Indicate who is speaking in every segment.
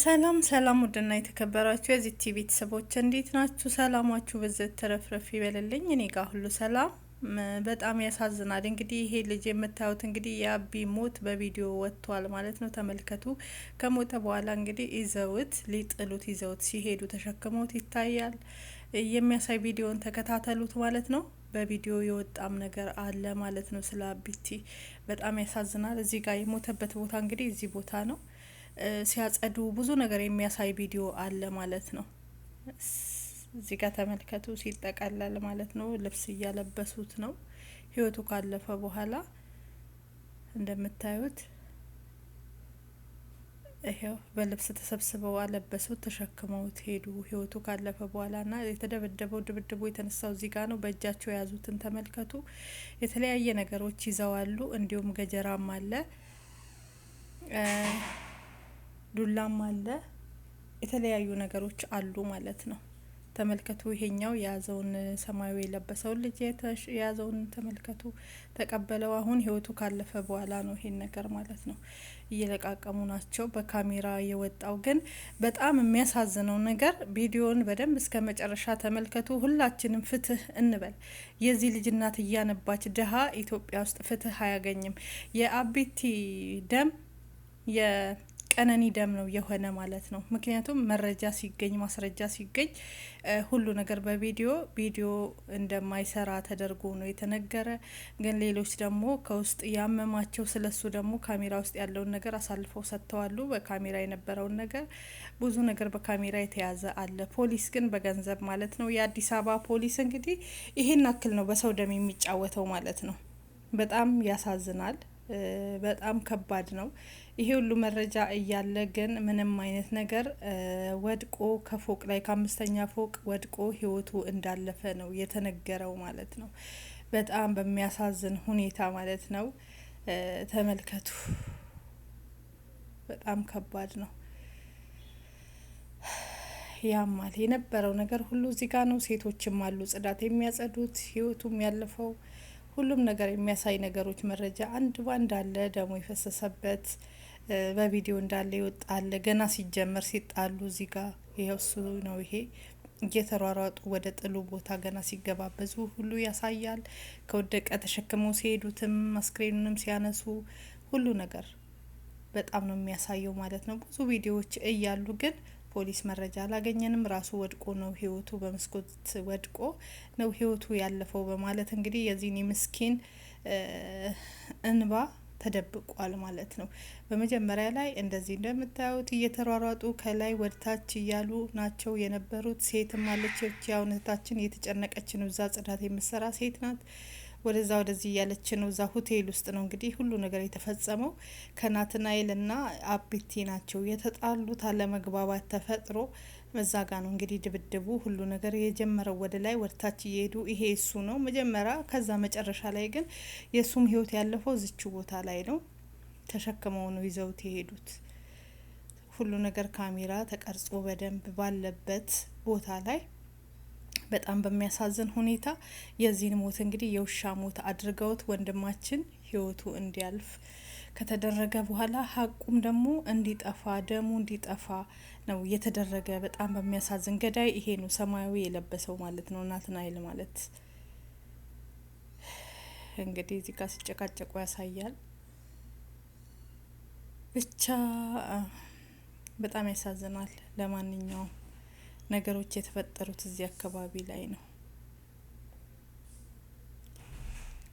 Speaker 1: ሰላም ሰላም፣ ውድና የተከበራችሁ የዚህ ቲቪ ቤተሰቦች እንዴት ናችሁ? ሰላማችሁ ብዝት ተረፍረፍ ይበልልኝ። እኔ ጋር ሁሉ ሰላም። በጣም ያሳዝናል። እንግዲህ ይሄ ልጅ የምታዩት እንግዲህ የአቢ ሞት በቪዲዮ ወጥቷል ማለት ነው። ተመልከቱ። ከሞተ በኋላ እንግዲህ ይዘውት ሊጥሉት ይዘውት ሲሄዱ ተሸክመውት ይታያል። የሚያሳይ ቪዲዮን ተከታተሉት ማለት ነው። በቪዲዮ የወጣም ነገር አለ ማለት ነው ስለ አቢቲ። በጣም ያሳዝናል። እዚህ ጋር የሞተበት ቦታ እንግዲህ እዚህ ቦታ ነው ሲያጸዱ ብዙ ነገር የሚያሳይ ቪዲዮ አለ ማለት ነው። እዚህ ጋር ተመልከቱ። ሲጠቀለል ማለት ነው። ልብስ እያለበሱት ነው። ህይወቱ ካለፈ በኋላ እንደምታዩት ይሄው በልብስ ተሰብስበው አለበሱት፣ ተሸክመውት ሄዱ። ህይወቱ ካለፈ በኋላ ና የተደበደበው ድብድቡ የተነሳው እዚህ ጋር ነው። በእጃቸው የያዙትን ተመልከቱ። የተለያየ ነገሮች ይዘዋሉ። እንዲሁም ገጀራም አለ። ዱላም አለ፣ የተለያዩ ነገሮች አሉ ማለት ነው። ተመልከቱ። ይሄኛው የያዘውን ሰማያዊ የለበሰውን ልጅ የያዘውን ተመልከቱ። ተቀበለው አሁን ህይወቱ ካለፈ በኋላ ነው ይሄን ነገር ማለት ነው እየለቃቀሙ ናቸው። በካሜራ የወጣው ግን በጣም የሚያሳዝነው ነገር ቪዲዮን በደንብ እስከ መጨረሻ ተመልከቱ። ሁላችንም ፍትህ እንበል። የዚህ ልጅ እናት እያነባች ድሀ ኢትዮጵያ ውስጥ ፍትህ አያገኝም። የአቢቲ ደም ቀነኒ ደም ነው የሆነ ማለት ነው። ምክንያቱም መረጃ ሲገኝ ማስረጃ ሲገኝ ሁሉ ነገር በቪዲዮ ቪዲዮ እንደማይሰራ ተደርጎ ነው የተነገረ። ግን ሌሎች ደግሞ ከውስጥ ያመማቸው ስለሱ ደግሞ ካሜራ ውስጥ ያለውን ነገር አሳልፈው ሰጥተዋሉ። በካሜራ የነበረውን ነገር ብዙ ነገር በካሜራ የተያዘ አለ። ፖሊስ ግን በገንዘብ ማለት ነው። የአዲስ አበባ ፖሊስ እንግዲህ ይሄን አክል ነው በሰው ደም የሚጫወተው ማለት ነው። በጣም ያሳዝናል። በጣም ከባድ ነው። ይሄ ሁሉ መረጃ እያለ ግን ምንም አይነት ነገር ወድቆ ከፎቅ ላይ ከአምስተኛ ፎቅ ወድቆ ህይወቱ እንዳለፈ ነው የተነገረው ማለት ነው። በጣም በሚያሳዝን ሁኔታ ማለት ነው። ተመልከቱ። በጣም ከባድ ነው። ያማል። የነበረው ነገር ሁሉ እዚህ ጋ ነው። ሴቶችም አሉ ጽዳት የሚያጸዱት ህይወቱም ያለፈው ሁሉም ነገር የሚያሳይ ነገሮች መረጃ አንድ ባንድ አለ። ደግሞ የፈሰሰበት በቪዲዮ እንዳለ ይወጣል። ገና ሲጀመር ሲጣሉ እዚህ ጋር ይኸው እሱ ነው ይሄ እየተሯሯጡ ወደ ጥሉ ቦታ ገና ሲገባበዙ ሁሉ ያሳያል። ከወደቀ ተሸክመው ሲሄዱትም አስክሬኑንም ሲያነሱ ሁሉ ነገር በጣም ነው የሚያሳየው ማለት ነው። ብዙ ቪዲዮዎች እያሉ ግን ፖሊስ መረጃ አላገኘንም። ራሱ ወድቆ ነው ህይወቱ በመስኮት ወድቆ ነው ህይወቱ ያለፈው በማለት እንግዲህ የዚህን የምስኪን እንባ ተደብቋል ማለት ነው። በመጀመሪያ ላይ እንደዚህ እንደምታዩት እየተሯሯጡ ከላይ ወድታች እያሉ ናቸው የነበሩት። ሴትም አለች ያው እህታችን እየተጨነቀች ነው። እዛ ጽዳት የምትሰራ ሴት ናት። ወደዛ ወደዚህ እያለች ነው። እዛ ሆቴል ውስጥ ነው እንግዲህ ሁሉ ነገር የተፈጸመው። ከናትናኤል እና አቤቴ ናቸው የተጣሉት። አለመግባባት ተፈጥሮ እዛ ጋ ነው እንግዲህ ድብድቡ ሁሉ ነገር የጀመረው። ወደ ላይ ወደታች እየሄዱ ይሄ እሱ ነው መጀመሪያ። ከዛ መጨረሻ ላይ ግን የእሱም ህይወት ያለፈው ዝቹ ቦታ ላይ ነው። ተሸክመው ነው ይዘውት የሄዱት። ሁሉ ነገር ካሜራ ተቀርጾ በደንብ ባለበት ቦታ ላይ በጣም በሚያሳዝን ሁኔታ የዚህን ሞት እንግዲህ የውሻ ሞት አድርገውት ወንድማችን ህይወቱ እንዲያልፍ ከተደረገ በኋላ ሀቁም ደግሞ እንዲጠፋ ደሙ እንዲጠፋ ነው የተደረገ። በጣም በሚያሳዝን ገዳይ ይሄ ነው ሰማያዊ የለበሰው ማለት ነው ናትናኤል ማለት እንግዲህ እዚህ ጋር ሲጨቃጨቁ ያሳያል። ብቻ በጣም ያሳዝናል። ለማንኛውም ነገሮች የተፈጠሩት እዚህ አካባቢ ላይ ነው።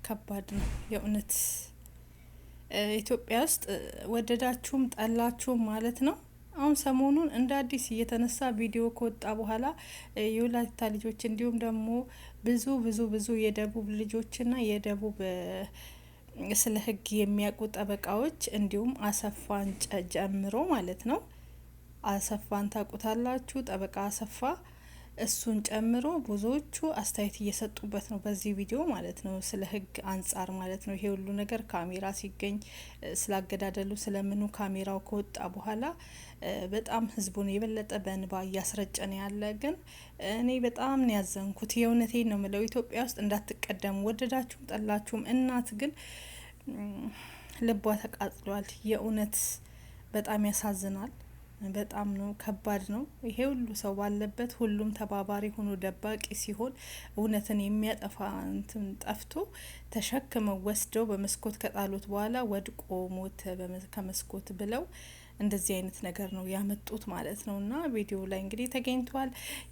Speaker 1: ከባድ ነው የእውነት ኢትዮጵያ ውስጥ ወደዳችሁም ጠላችሁም ማለት ነው። አሁን ሰሞኑን እንደ አዲስ እየተነሳ ቪዲዮ ከወጣ በኋላ የወላይታ ልጆች እንዲሁም ደግሞ ብዙ ብዙ ብዙ የደቡብ ልጆችና የደቡብ ስለ ሕግ የሚያውቁ ጠበቃዎች እንዲሁም አሰፋን ጨምሮ ማለት ነው አሰፋን ታውቁታላችሁ። ጠበቃ አሰፋ እሱን ጨምሮ ብዙዎቹ አስተያየት እየሰጡበት ነው፣ በዚህ ቪዲዮ ማለት ነው። ስለ ህግ አንጻር ማለት ነው። ይሄ ሁሉ ነገር ካሜራ ሲገኝ ስላገዳደሉ ስለምኑ ካሜራው ከወጣ በኋላ በጣም ህዝቡን የበለጠ በእንባ እያስረጨ ነው ያለ። ግን እኔ በጣም ነው ያዘንኩት። የእውነቴን ነው ምለው። ኢትዮጵያ ውስጥ እንዳትቀደሙ ወደዳችሁም ጠላችሁም፣ እናት ግን ልቧ ተቃጥሏል። የእውነት በጣም ያሳዝናል። በጣም ነው ከባድ ነው። ይሄ ሁሉ ሰው ባለበት ሁሉም ተባባሪ ሆኖ ደባቂ ሲሆን እውነትን የሚያጠፋ እንትን ጠፍቶ ተሸክመው ወስደው በመስኮት ከጣሉት በኋላ ወድቆ ሞተ ከመስኮት ብለው እንደዚህ አይነት ነገር ነው ያመጡት ማለት ነው። እና ቪዲዮ ላይ እንግዲህ ተገኝተዋል።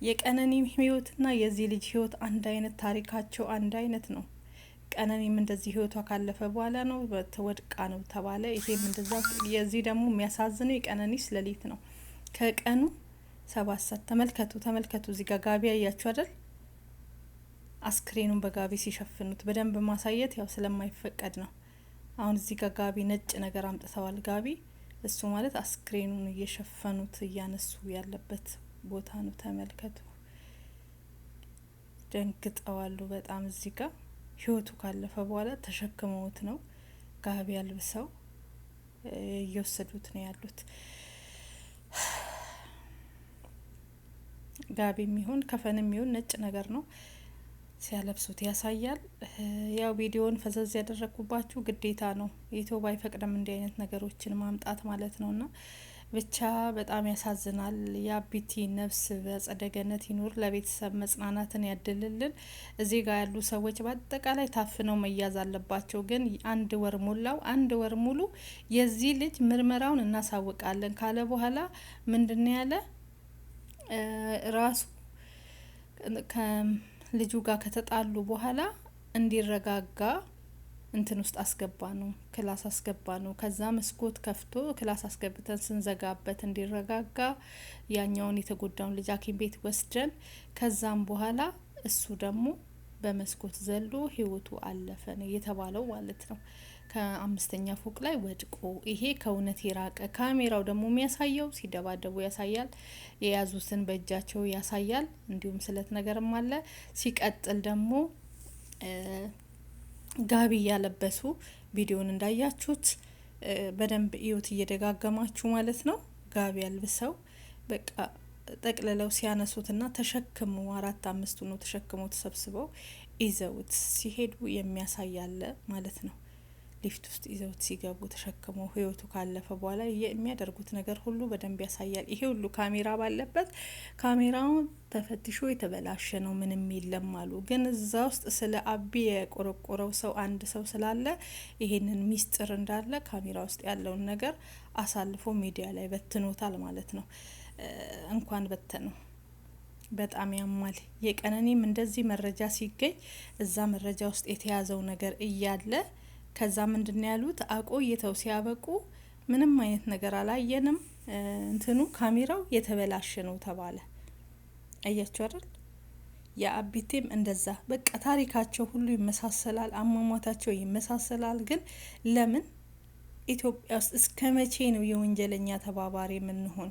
Speaker 1: የቀነኒ ህይወትና የዚህ ልጅ ህይወት አንድ አይነት፣ ታሪካቸው አንድ አይነት ነው። ቀነኒም እንደዚህ ህይወቷ ካለፈ በኋላ ነው ተወድቃ ነው ተባለ። ይሄም እንደዛ። የዚህ ደግሞ የሚያሳዝነው የቀነኒስ ሌሊት ነው ከቀኑ ሰባት ሰዓት ተመልከቱ፣ ተመልከቱ። እዚህ ጋር ጋቢ አያችሁ አይደል? አስክሬኑን በጋቢ ሲሸፍኑት በደንብ ማሳየት ያው ስለማይፈቀድ ነው። አሁን እዚህ ጋር ጋቢ ነጭ ነገር አምጥተዋል። ጋቢ እሱ ማለት አስክሬኑን እየሸፈኑት እያነሱ ያለበት ቦታ ነው። ተመልከቱ፣ ደንግጠዋሉ በጣም እዚህ ጋር ህይወቱ ካለፈ በኋላ ተሸክመውት ነው ጋቢ አልብሰው እየወሰዱት ነው ያሉት። ጋቢ የሚሆን ከፈን የሚሆን ነጭ ነገር ነው ሲያለብሱት ያሳያል። ያው ቪዲዮውን ፈዘዝ ያደረግኩባችሁ ግዴታ ነው፣ ኢትዮ ባይፈቅድም እንዲህ አይነት ነገሮችን ማምጣት ማለት ነው እና ብቻ በጣም ያሳዝናል። የአቢቲ ነፍስ በአጸደ ገነት ይኑር፣ ለቤተሰብ መጽናናትን ያድልልን። እዚህ ጋር ያሉ ሰዎች በአጠቃላይ ታፍነው መያዝ አለባቸው። ግን አንድ ወር ሞላው። አንድ ወር ሙሉ የዚህ ልጅ ምርመራውን እናሳውቃለን ካለ በኋላ ምንድን ያለ ራሱ ከልጁ ጋር ከተጣሉ በኋላ እንዲረጋጋ እንትን ውስጥ አስገባ ነው ክላስ አስገባ ነው። ከዛ መስኮት ከፍቶ ክላስ አስገብተን ስንዘጋበት እንዲረጋጋ ያኛውን የተጎዳውን ልጅ ሐኪም ቤት ወስደን ከዛም በኋላ እሱ ደግሞ በመስኮት ዘሎ ህይወቱ አለፈ ነው የተባለው ማለት ነው። ከአምስተኛ ፎቅ ላይ ወድቆ ይሄ ከእውነት የራቀ ካሜራው ደግሞ የሚያሳየው ሲደባደቡ ያሳያል፣ የያዙትን በእጃቸው ያሳያል። እንዲሁም ስለት ነገርም አለ። ሲቀጥል ደግሞ ጋቢ እያለበሱ ቪዲዮን እንዳያችሁት በደንብ እዩት፣ እየደጋገማችሁ ማለት ነው። ጋቢ አልብሰው በቃ ጠቅልለው ሲያነሱትና ተሸክሙ አራት አምስቱ ነው ተሸክሞ ተሰብስበው ይዘውት ሲሄዱ የሚያሳያለ ማለት ነው። ሊፍት ውስጥ ይዘውት ሲገቡ ተሸክመው ህይወቱ ካለፈ በኋላ የሚያደርጉት ነገር ሁሉ በደንብ ያሳያል። ይሄ ሁሉ ካሜራ ባለበት ካሜራውን ተፈትሾ የተበላሸ ነው ምንም የለም አሉ። ግን እዛ ውስጥ ስለ አቢ የቆረቆረው ሰው አንድ ሰው ስላለ ይሄንን ሚስጥር እንዳለ ካሜራ ውስጥ ያለውን ነገር አሳልፎ ሚዲያ ላይ በትኖታል ማለት ነው። እንኳን በተነው በጣም ያማል። የቀነኒም እንደዚህ መረጃ ሲገኝ እዛ መረጃ ውስጥ የተያዘው ነገር እያለ ከዛ ምንድን ያሉት አቆይተው ሲያበቁ ምንም አይነት ነገር አላየንም፣ እንትኑ ካሜራው የተበላሸ ነው ተባለ። አያቸው አይደል? የአቢቴም እንደዛ በቃ ታሪካቸው ሁሉ ይመሳሰላል፣ አሟሟታቸው ይመሳሰላል። ግን ለምን ኢትዮጵያ ውስጥ እስከ መቼ ነው የወንጀለኛ ተባባሪ የምንሆን?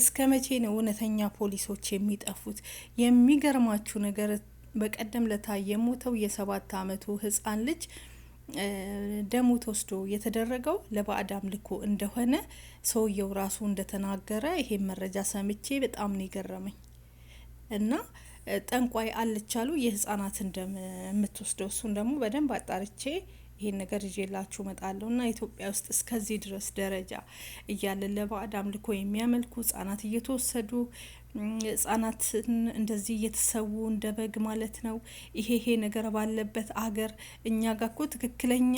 Speaker 1: እስከ መቼ ነው እውነተኛ ፖሊሶች የሚጠፉት? የሚገርማችሁ ነገር በቀደም ለታ የሞተው የሰባት አመቱ ህጻን ልጅ ደሙ ተወስዶ የተደረገው ለባዕድ አምልኮ እንደሆነ ሰውየው ራሱ እንደተናገረ ይሄን መረጃ ሰምቼ በጣም ነው የገረመኝ። እና ጠንቋይ አልቻሉ ደም እንደምትወስደው እሱን ደግሞ በደንብ አጣርቼ ይሄን ነገር ይዤላችሁ እመጣለሁ። እና ኢትዮጵያ ውስጥ እስከዚህ ድረስ ደረጃ እያለ ለባዕድ አምልኮ የሚያመልኩ ህጻናት እየተወሰዱ ህጻናትን እንደዚህ እየተሰዉ እንደ በግ ማለት ነው። ይሄ ይሄ ነገር ባለበት አገር እኛ ጋር እኮ ትክክለኛ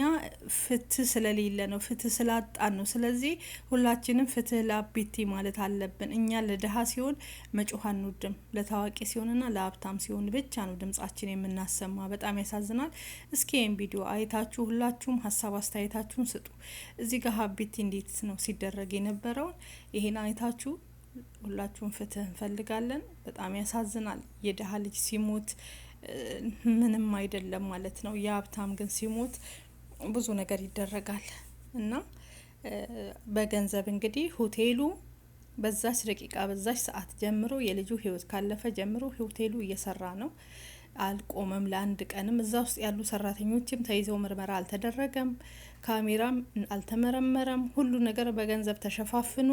Speaker 1: ፍትህ ስለሌለ ነው፣ ፍትህ ስላጣን ነው። ስለዚህ ሁላችንም ፍትህ ለአቤቴ ማለት አለብን። እኛ ለድሀ ሲሆን መጮህ አንወድም፣ ለታዋቂ ሲሆንና ለሀብታም ሲሆን ብቻ ነው ድምጻችን የምናሰማ። በጣም ያሳዝናል። እስኪ ይህን ቪዲዮ አይታችሁ ሁላችሁም ሀሳብ አስተያየታችሁን ስጡ። እዚህ ጋር ሀቤቴ እንዴት ነው ሲደረግ የነበረውን ይሄን አይታችሁ ሁላችሁም ፍትህ እንፈልጋለን። በጣም ያሳዝናል። የድሀ ልጅ ሲሞት ምንም አይደለም ማለት ነው። የሀብታም ግን ሲሞት ብዙ ነገር ይደረጋል እና በገንዘብ እንግዲህ ሆቴሉ በዛች ደቂቃ በዛች ሰዓት ጀምሮ የልጁ ህይወት ካለፈ ጀምሮ ሆቴሉ እየሰራ ነው። አልቆመም። ለአንድ ቀንም እዛ ውስጥ ያሉ ሰራተኞችም ተይዘው ምርመራ አልተደረገም፣ ካሜራም አልተመረመረም። ሁሉ ነገር በገንዘብ ተሸፋፍኖ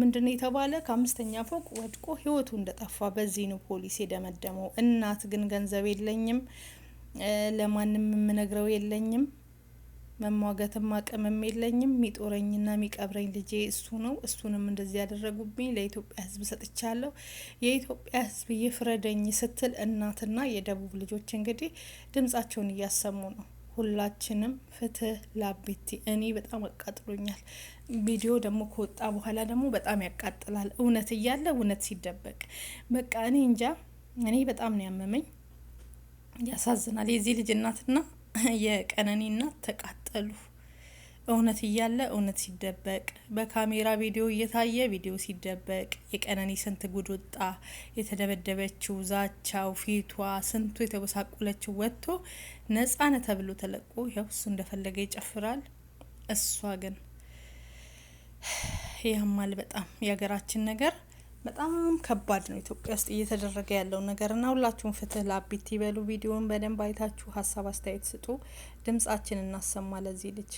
Speaker 1: ምንድን የተባለ ከአምስተኛ ፎቅ ወድቆ ህይወቱ እንደጠፋ በዚህ ነው ፖሊስ የደመደመው። እናት ግን ገንዘብ የለኝም፣ ለማንም የምነግረው የለኝም መሟገትም አቅምም የለኝም። የሚጦረኝና ሚቀብረኝ ልጄ እሱ ነው። እሱንም እንደዚህ ያደረጉብኝ ለኢትዮጵያ ሕዝብ ሰጥቻለሁ። የኢትዮጵያ ሕዝብ ይፍረደኝ ስትል እናትና የደቡብ ልጆች እንግዲህ ድምጻቸውን እያሰሙ ነው። ሁላችንም ፍትህ ላቤቲ። እኔ በጣም አቃጥሎኛል። ቪዲዮ ደግሞ ከወጣ በኋላ ደግሞ በጣም ያቃጥላል። እውነት እያለ እውነት ሲደበቅ በቃ እኔ እንጃ። እኔ በጣም ነው ያመመኝ። ያሳዝናል። የዚህ ልጅ እናትና የቀነኒ እናት ተቃጥ ቀጠሉ። እውነት እያለ እውነት ሲደበቅ፣ በካሜራ ቪዲዮ እየታየ ቪዲዮ ሲደበቅ፣ የቀነኒ ስንት ጉድ ወጣ። የተደበደበችው፣ ዛቻው፣ ፊቷ፣ ስንቱ የተጎሳቆለችው ወጥቶ ነጻነ ተብሎ ተለቆ ያው እሱ እንደፈለገ ይጨፍራል። እሷ ግን ያማል በጣም የሀገራችን ነገር በጣም ከባድ ነው ኢትዮጵያ ውስጥ እየተደረገ ያለው ነገር እና ሁላችሁም ፍትህ ለአቢቲ በሉ። ቪዲዮን በደንብ አይታችሁ ሀሳብ አስተያየት ስጡ። ድምጻችን እናሰማ ለዚህ ልጅ